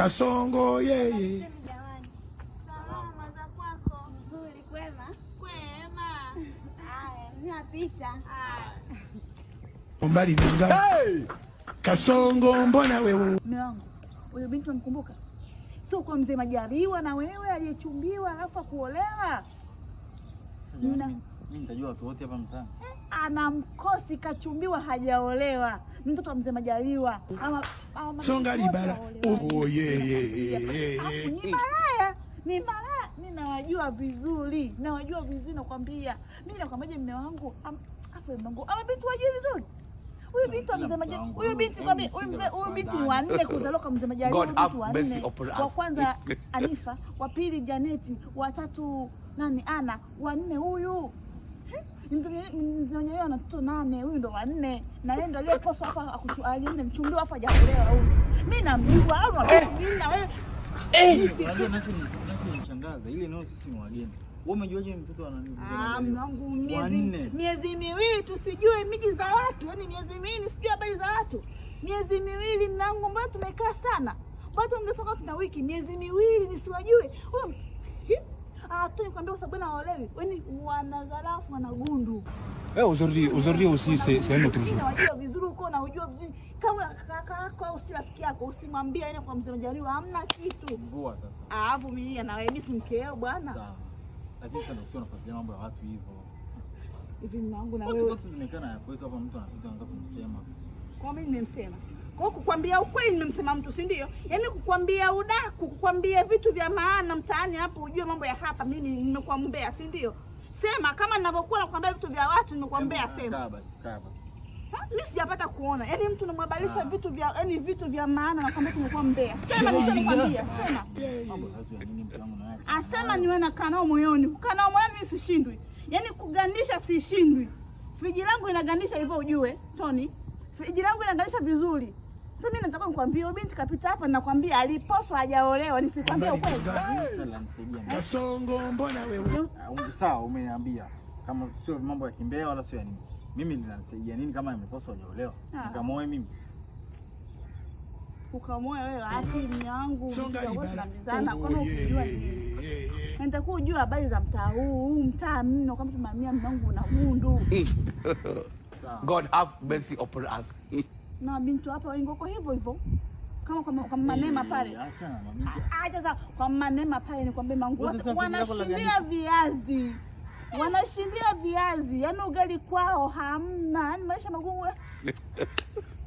Kasongo yeye. Umbali ni ngapi? Kasongo mbona wewe? Mume wangu. Huyo binti unamkumbuka? Sio kwa mzee Majaliwa na wewe aliyechumbiwa alafu kuolewa. Mimi nitajua watu wote hapa mtaani. Eh? ana mkosi kachumbiwa, hajaolewa mtoto wa mzee Majaliwa songa libara oh, oh, ni malaya, ni malaya. Mi nawajua vizuri, nawajua vizuri, nakwambia. Mi nakwambiaje, mme wangu afu mangu ama binti wajui vizuri huyu binti huyu binti huyu binti wanne kuzaliwa kwa mzee Majaliwa, Wa kwanza Anifa, wa pili Janeti, tatu nani Ana, nne huyu mnyonyewe ana watoto nane, huyu ndo wanne, na yeye ndo aliyeposwa hapa alinne mchumbiwa hapa hajaolewa huyu. Mimi namjua au nakusubiri na wewe eh! shangaza ile eneo sisi ni wageni. Wewe umejuaje mtoto ana nini? Ah, mwanangu miezi miezi miwili tusijue miji za watu, yaani miezi miwili sijui habari za watu. Miezi miwili mwanangu, mbona tumekaa sana? Bado ungesema tuna wiki, miezi miwili nisiwajue. Huyo nakwambia kwa sababu hawaelewi, yaani wanazarafu wanagundu. Eh, uzuri uzuri usi sehemu tu. Unajua vizuri uko unajua vizuri. Kama kaka yako au si rafiki yako usimwambie yeye kwa mzee Majaliwa hamna kitu. Ngua sasa. Ah, vumilia na wewe mimi mkeo bwana. Sawa. Lakini sasa usio nafuatilia mambo ya watu hivyo. Hivi mwanangu na wewe. Watu zimekana ya kwetu hapa mtu anapita anaanza kumsema. Kwa mimi nimemsema kukwambia ukweli nimemsema mtu, si ndio? Yaani kukwambia udaku, kukwambia vitu vya maana mtaani hapo, ujue mambo ya hapa, mimi nimekuwa mbea, si ndio? Sema kama ninavyokuwa nakwambia vitu vya watu, nimekuwa mbea, sema. Kaba, kaba. Mimi sijapata kuona. Yaani mtu namwabalisha ah. vitu vya yaani vitu vya maana na kwamba tumekuwa mbea. Sema kitu sema. Asema ah, niwe na kanao moyoni. Kanao moyoni mimi sishindwi. Yaani kugandisha sishindwi. Friji langu inagandisha hivyo ujue, Tony. Friji langu inagandisha vizuri. Sasa mimi nataka nikwambie huyo binti kapita hapa, na nakwambia aliposwa, hajaolewa. Nisikwambie ukweli? Kasongo, mbona wewe? Ah, sawa, umeniambia kama sio mambo ya kimbea wala sio ya nini. Mimi ninanisaidia nini kama ameposwa hajaolewa? Ah. Nikamoe mimi ukamoe wewe, akili ah, yangu Songa Kwa oh, nini ukijua nini? nitakuwa ujua habari za mtaa huu mtaa mno, kama tumamia mmangu na mundu. Eh. God have mercy upon us. na binti hapa wengi wako hivyo hivyo kama kwa, kwa manema eh, pale. Acha sasa kwa manema pale ni kwambie manguo wanashindia viazi. Wanashindia viazi. Yaani ugali kwao hamna. Yaani maisha magumu.